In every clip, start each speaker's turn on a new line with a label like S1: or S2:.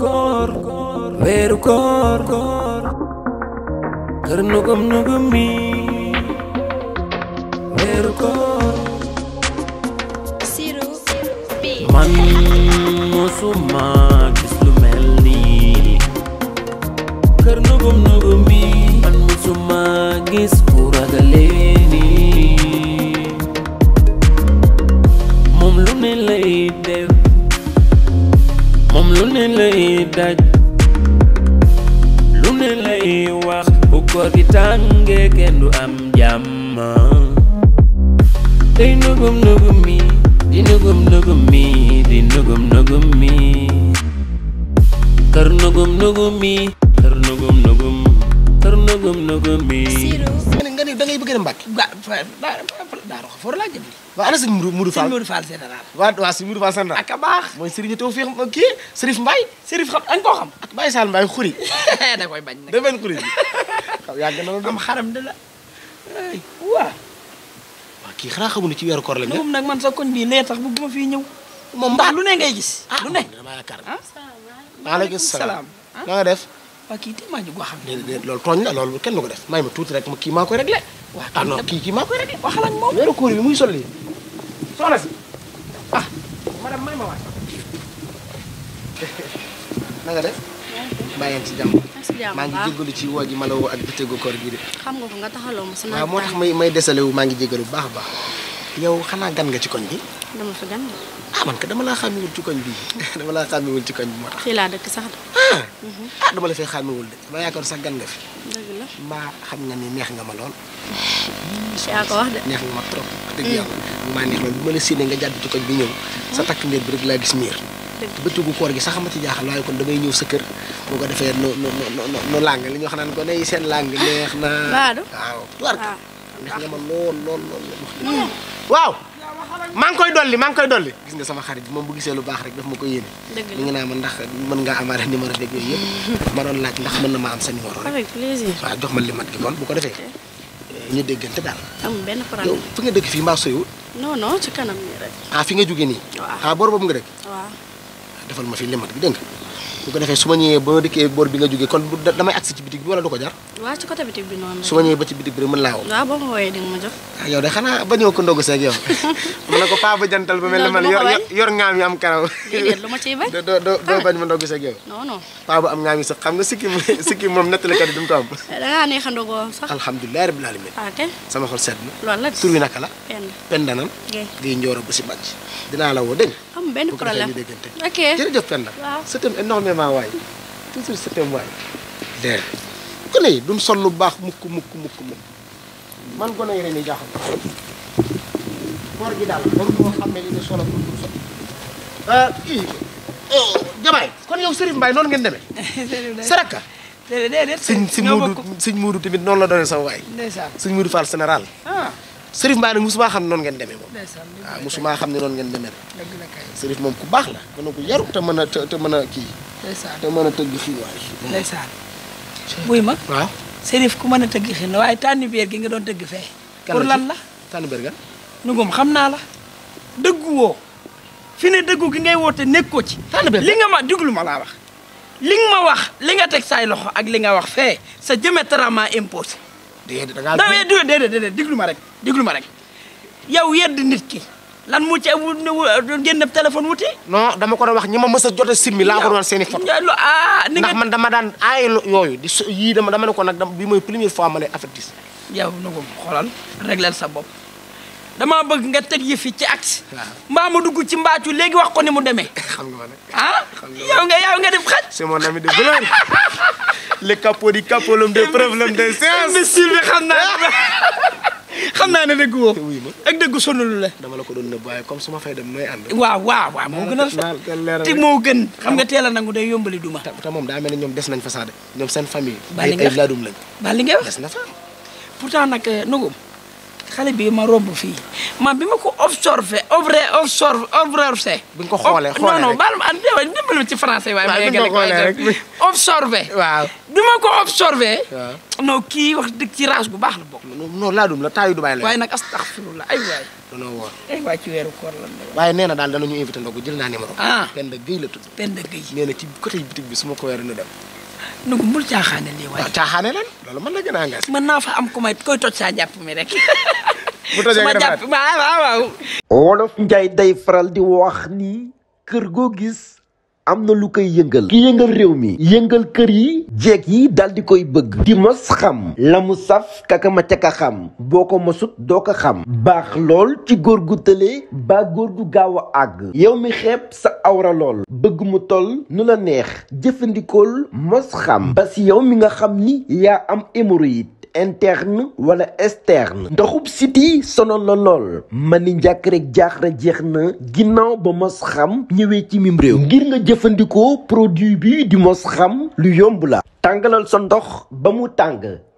S1: kor weeru koor kër nugum nugum mi
S2: weeru koor siru bi
S1: man musuma gis lu mel nii
S3: kër nugum nugum mi
S1: man musuma gis ku ragale
S2: daj lu ne lay wax bu koor gi tàngee kenn du am jàmm day nugum nugum mi di nugum nugum mi di nugum nugum mi kër nugum nugum mi kër nugum nugum kër nugum nugum mi
S4: nga ne da bëgg dem Mbàkke
S5: daaru xafoor laa jëm
S4: waa ana sëñ Moudou Fall Moudou Fall général waa waa sëñ Moudou Fall général ak a baax mooy sëriñ Tawfiq kii Sërif Mbaye Sërif xam da nga koo xam ak Baye Sall Mbaye xuri da koy bañ nag demen xuri xaw
S5: yàgg na la am xaram de la waa
S4: waa kii xanaa xamu ne ci weeru koor la ya? moom
S5: nag man sa koñ bii nee tax bëgguma fii ñëw moom ndax lu ne ngay gis ah, lu ne dama yaakaar
S4: maaleykum salaam
S5: na nga def waa kii téemaa ñu goo xam
S4: ne loolu kan tooñ la loolu kenn du ko def may ma tuuti rek ma kii maa koy réglé ah non kii kii maa koy
S5: réglé waxal ak moom.
S4: weeru koor muy solli soxna si ah madame may ma waay.
S3: maa ngi jégalu
S4: ci woo ji ma la woo ak bëccëgu koor
S3: xam nga ko nga taxaloo ma. waaw moo tax
S4: may may desalewu maa ngi jégalu bu baax a baax. yow xanaa gan nga ci koñ bi. dama fa gan ah man ka dama laa xàmmewul ci koñ bi dama laa xàmmewul ci koñ bi tax
S3: dëkk sax ah
S4: dama la fee xàmmewul de ma yaakaar sax gan nga fi la xam nga ni neex nga ma lool
S3: yaa ko wax de
S1: neex nga
S4: ma trop dëgg yàlla maa neex lool ma la séenee nga jàdd ci koñ bi ñëw sa takk ndeer bi rek laa gis miir bëccugu koor gi sax ma ci jaaxal waaye kon damay ñëw sa kër bu ko defee no no no no no lang li ñu wax naan ko nay seen lang neex na
S3: waaw tuwarka ah. neex nga
S4: ma lool lool lool hmm. waaw maa ngi koy dolli maa ngi koy dolli gis nga sama xarit moom bu gisee lu baax rek daf ma ko yéene mi ngi naa ma ndax mën ngaa amaale numéro beeg yooyu yëpp ma doon laaj ndax man na ma am sa numéro rek
S3: avec plaisir
S4: waaw jox ma limat gi kon bu ko defee eh, ñu déggante daal
S3: amul benn problème yow
S4: fi nga dëkk fii mbaa soyul non non ci ah fi nga jógee nii a ah, boor boobu nga dëkk defal ma fi limat gi dégg bu ko defee suma ma ya, ñëwee ba dikkee bor bi nga jógee kon damay agsi ci bitig bi wala du ko jar
S3: waaw ci côté bitig bi noonu suma ma
S4: ñëwee ba ci bitig bi rek mën laa oh. woo
S3: waaw boo ma wooyee di nga ma jox
S4: ah yow de xanaa ba ñëw ko ndogu seeg yow ma ne ko paa ba jantal ba mel man yor yor ya. ngaam yi am karaw iya, déedéet iya, lu ma ciy bañ do doo bañ ma ndogu seeg yow non non paa ba am ngaam yi sax xam nga sikki sikki moom la kat dum eh, ko am
S3: da ngaa neex a ndogoo sax
S4: alhamdulilah rabbil alamin ah, ok sama xol sedd na loolu la tur wi naka la ah. penda penda nan gay njooro bu si bàcc dinaa la woo dégg
S3: amul benn problème
S4: ok jërëjëf Penda. waaw c' était énormément waay toujours c' gone yi duñ sol lu baax mukk mukk mukk mukk man gone yi ren yi jaaxal koor gi daal moo xam ne li ñu solo pour sol. Ah, kii Jamaay oh, kon yow Serigne Mbaye noonu ngeen demee.
S5: Saraka. déedéet sëñ sëñ Moodu
S4: sëñ Moodu tamit noonu la doonee sama waay. ndeysaan sëñ Moodu Fall général. Ah. sërif Mbaye nag mosumaa xam ne noonu ngeen demee moom
S5: waaw ah,
S4: mosumaa xam ne noonu ngeen demee sërif moom ku baax la mën na ko yaru te mën a te mën a kii te mën a tëgg xiin waay ndeysaan
S5: buy mag waaw sërif ku mën a tëgg xiin waaye tànn gi nga doon tëgg fee pour lan la tànn biir gan nu xam naa la dëggu woo fi ne dëggu gi ngay woote nekkoo ci li nga ma déglu ma laa wax li nga ma wax li nga teg say loxo ak li nga wax fee sa jëme tarama imposé
S4: déedéet da ngaa.
S5: déedéet déedéet déedéet déglu ma rek déglu ma rek yow yedd nit ki lan mu ci génn téléphone
S4: wuti. non dama ko doon wax ñi ma mës a jot a simmi laa ko doon seen i photo. ah ni nga ndax man dama daan aay yooyu di so yii dama dama ne ko nag bi mooy première fois ma lay avertis. yow na ko xoolal
S5: réglal sa bopp dama bëgg nga teg yëf yi ci axe. mbaa ma dugg ci mbaacu léegi wax ko ni mu demee. xam nga ma nag ah yow nga yow nga def xaj. c'est mon ami de valeur.
S4: le capot di capot l'homme de preuve l'homme de science. imbécile bi xam naa xam naa ne dëgg woo. ak dëgg sonalu la. dama la ko doon nëbb waaye comme su ma a dem nooy ànd. waaw waaw waaw moo gën a. te moo gën. xam nga teel a nangu day yombali duma. te moom daa mel ni ñoom des nañ fa saade ñoom seen famille. ay ay laadum lañ. ba li nga wax des na fa.
S5: nag euh, nugum xale bi ma romb fii ma bi ma ko observé obre observé observé. bi nga ko xoolee xoolee rek non non baal ma dimbali absorbé. waaw du ma ko absorbé. waaw non kii wax dëgg ci race bu baax la bokk.
S4: non laadum la taayu Dubaay la. waaye nag
S5: astaghfirullah ay waay. danoo woor ay waay ci weeru koor la.
S4: waaye na daal danañu invité ndogu jël naa numéro. ah Penda Gueye la tudd. Penda Gueye nee na ci côté bitig bi su ma ko weeree ñu dem.
S5: nagu bul caaxaane lii waaye. waaw caaxaane lan loolu mën na gën a engrais. mën naa fa am ku may koy toj saa jàpp mi rek. bu tojee nga defaat su ma
S1: jàpp day faral di wax ni kër goo gis am na lu koy yëngal ki yëngal réew mi yëngal kër yi jeeg yi dal di koy bëgg di mos xam la mu saf kakama ca ka xam boo ko mosut doo ko xam baax lool ci góor gu tëlee baa góor gu gaaw a àgg yow mi xepp sa awra lool bëgg mu toll nu la neex jëfandikool mos xam ba si yow mi nga xam ni yaa am hémorroïde interne wala externe ndoxub siti sonal la lool man ni njàkk rek jaaxle jeex na ginnaaw ba mos xam ñëwee ci mim réew ngir nga jëfandikoo produit bi di mos xam lu yomb la tàngalal sa ndox ba mu tàng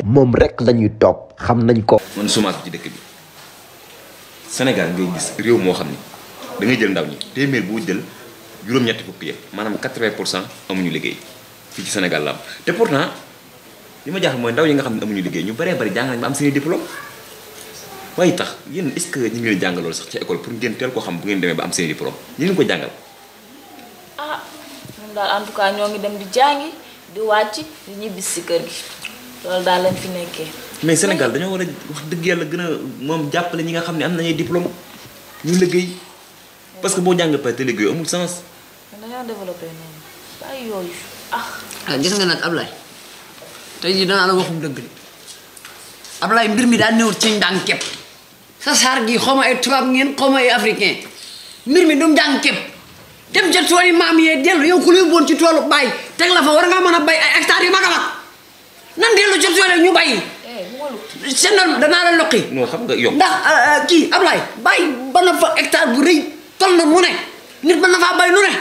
S1: xamne mom rek lañuy top xamnañ ko.
S2: man suma ci dekk bi senegal ngay gis rew mo xamni da ngay jël ndaw ñi téeméer bu jël juroom ñetti fukk yëpp ya, maanaam 80 amuñu liggéey fi ci senegal la té pourtant li jax moy ndaw yi nga xamni amuñu liggéey ñu bari bari jàng nañ ba am seen diplôme way tax yeen est ce que ñu ngi leen jàng loolu sax ci école pour ngeen tel ko xam bu ngeen démé ba am seen diplôme ñu leen ko jàngal.
S5: ah ñun daal en tout cas ñoo ngi dem di jàngi di wacc di ñibbis si kër gi. loolu daal lañ fi nekkee.
S2: mais Sénégal dañoo war a wax dëgg yàlla gën a moom jàppale ñi nga xam ne am nañuy diplôme ñu liggéey parce que boo jàng pare te liggéey amul sens.
S5: dañoo développé noonu ay yooyu ah.
S2: ah. gis nga nag Ablaye
S3: tey jii danaa la waxum dëgg de Ablaye mbir mi daal néewul ci njàng képp sa saar gi xaw ma ay tubaab ngeen xaw ma ay africain mbir mi du njàng képp dem ca tool yi maam yee dellu yow ku lay boon ci toolu baay teg la fa war nga mën a bay yu mag nan dellu jobs yooyu ñu bàyyi. général eh, danaa la
S2: loqi. xam nga
S3: yow. ndax euh, euh, kii Ablaye bay ba na fa hectare bu rëy toll na mu ne nit mën na
S5: faa bay lu ne.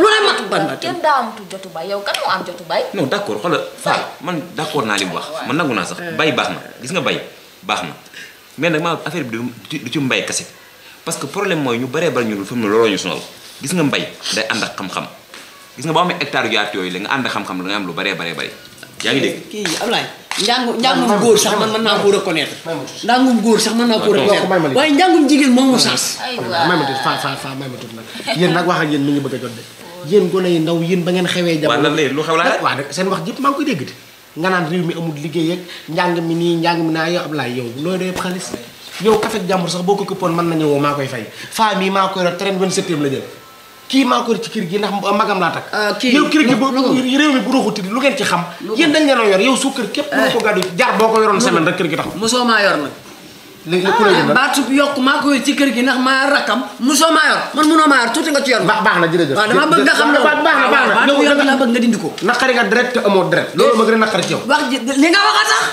S5: lu ne ma
S2: am
S5: jotu bay yow kan moo am jotu bay.
S2: non d' accord man d' naa li mu wax man nangu naa sax bay baax na gis nga bay baax na mais nag ma affaire bi du du ci mbay kese parce que problème mooy ñu baree bari ñu fi mu ne looloo ñu sonal gis nga mbay day ànd ak xam-xam gis nga boo amee hectare yu yooyu la nga ànd ak xam-xam la nga am lu baree baree bari. yaa ngi dégg
S3: kii am laay njàngu njàngum góor sax man gur naa ko reconnaître njàngum góor sax mën naa ko reconnaître
S4: fa fa fa may ma tuut nag yéen nag wax ak yéen mi ngi bëgg a jot de yéen gone yi ndaw lu xew laa waaw seen wax jëpp maa ngi koy dégg de nga naan réew mi amul liggéey ak njàng mi nii njàng mi naa yow Ablaye yow looy doyeb xaalis yow kafek jàmbur sax boo ko këppoon nañu woo maa fay faa mi maa koy yor la jël kii maa ko ci kër gi ndax magam laa takk. Ah, kii yow kër gi boo réew mi bu ruuxuti lu ngeen ci
S3: xam. yéen dañ leen a yor yow su kër képp lu eh. ko gàddu jar boo ko yoroon semaine rek kër gi tax. yor nag. léegi nag ku yor ah, baatu yokk nga ci yor. na jërëjëf baax na baax na yow
S4: nga bëgg naqari nga direct amoo direct. loolu ma gën a naqari ci yow.
S3: li nga wax a tax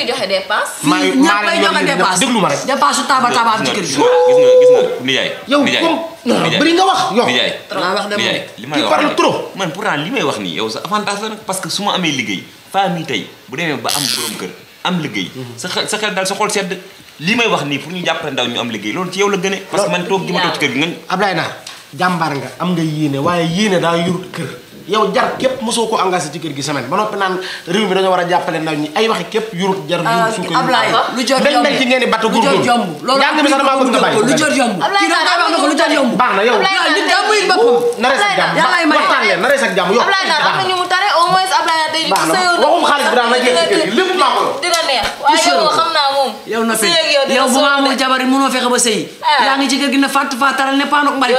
S3: fiy joxe dépense. maa ngi maa ngi joxe dépense déglu ma rek. dépense su taaba taaba nga gis wax.
S2: naa wax dama li may wax parle trop. man pourtant li may wax nii yow sa avantage la parce que su ma amee liggéey femme tey bu demee ba am liggéey. sa xel sa xel sa xol sedd li may wax nii pour ñu jàppale ndaw ñu am liggéey loolu ci yow la gën a. parce que man toog gi ma toog ci kër gi nga. Ablaye naa
S4: jàmbaar nga am nga yéene waaye yéene daa yur kër
S2: yow jar képp mosoo ko engagé ci kër gi semaine ba
S4: noppi naan réew mi dañoo war a jàppale ndaw ñi ay waxi képp yurut jar ah, yurut suñ ko Ablaye lu jor yomb mel ci ngeen di batt góorgóorlu jàng mi sax damaa bëgg nga bàyyi lu jor yomb kii da nga wax na ko lu jor yomb baax na yow nit daa bëyit boppam na rees ak jàmm waxtaan leen na rees ak jàmm yow Ablaye daal am na
S3: ñu mu tare au moins Ablaye daal tey sëyoon waxum xaalis bi daal na jeex ci kër gi lépp maa ko
S5: dina neex waaye yow xam naa moom
S3: yow na fekk yow bu ma amul jabar mënoo fexe ba sëy ah. yaa ngi ci kër gi ne fàtt fàttaral ne paanuk mbari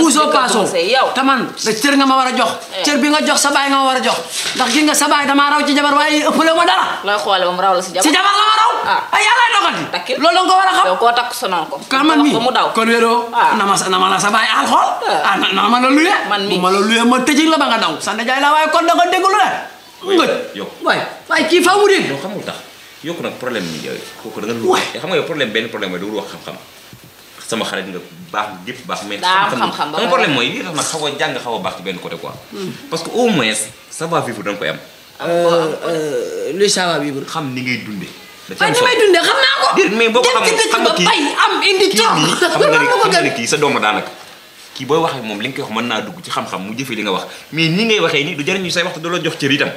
S3: puusoo paasoo taman cër nga ma war a jox eh. cër bi nga jox sa bay nga war jox ndax gi nga sa bay dama raw ci jabar waaye ëppale eh, ma dara
S5: la xoole ba raw
S3: la ci jabar si jabar la ma raw ah, ah yàlla iya dogalti takkil loolu nga wara xam ko tak sonal ko kan man mi ya, ya? mu daw kon wéro nama nama la sa bay al xol ah na ma la luye man mi ma la luye ma tejji la ba nga daw sa ndjay la way kon da nga dégg la ngut ngëj way way ki fa mu dégg yow xamul
S2: tax yokku nak problème ni mi ko ko da nga lu xam nga yo problème ya, ben problème mooy dugul wax xam-xam sama xarit nga bax gépp bax mais nah, xam-xam sama problème mooy lii tax nag xaw a jàng xaw ci benn côté quoi parce que au moins ça va vivre da nga koy am luy savoir vivre xam ni ngay dundé dafa ni may dundé xam nako dir mais boko xam xam nga kii
S3: am indi tok xam nga ni ko ne ki
S2: sa dooma daanaka ki boy waxe mom li nga koy wax man na dugg ci xam-xam mu jëfé li nga wax mais ni ngay waxé ni du jarñu say waxtu do lo jox ci ritam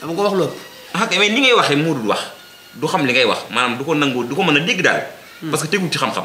S2: dama ko wax lo ak mais ni ngay waxé moo dul wax du xam li ngay wax manam du ko nangoo du ko mën dégg dal parce que tegul ci xam-xam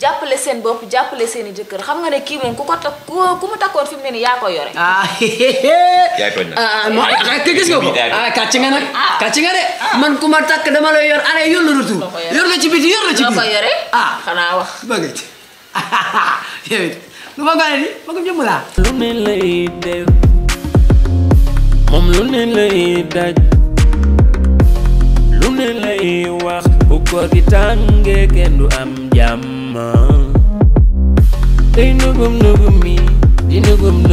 S5: jàppale sen bop jàppale sen i jëkkër xam nga ne ki mom ku ko ta ku mu takkon fi ni ya ko yore. ah
S2: ya ko yore ah, ah, ah, gis nga ko
S3: ah kàcc nga nag kàcc nga de man ku ma tak dama lay yor allez yor la yor na ci biti yor na ci biti yore ah xana wax. bëgg ci yow lu ma gane ni ma ko jëm la lu ne lay
S2: def mom lu ne lay daj lu ne lay wax ko ko gi tàngee kenn am jàmm. They know gum know me, they know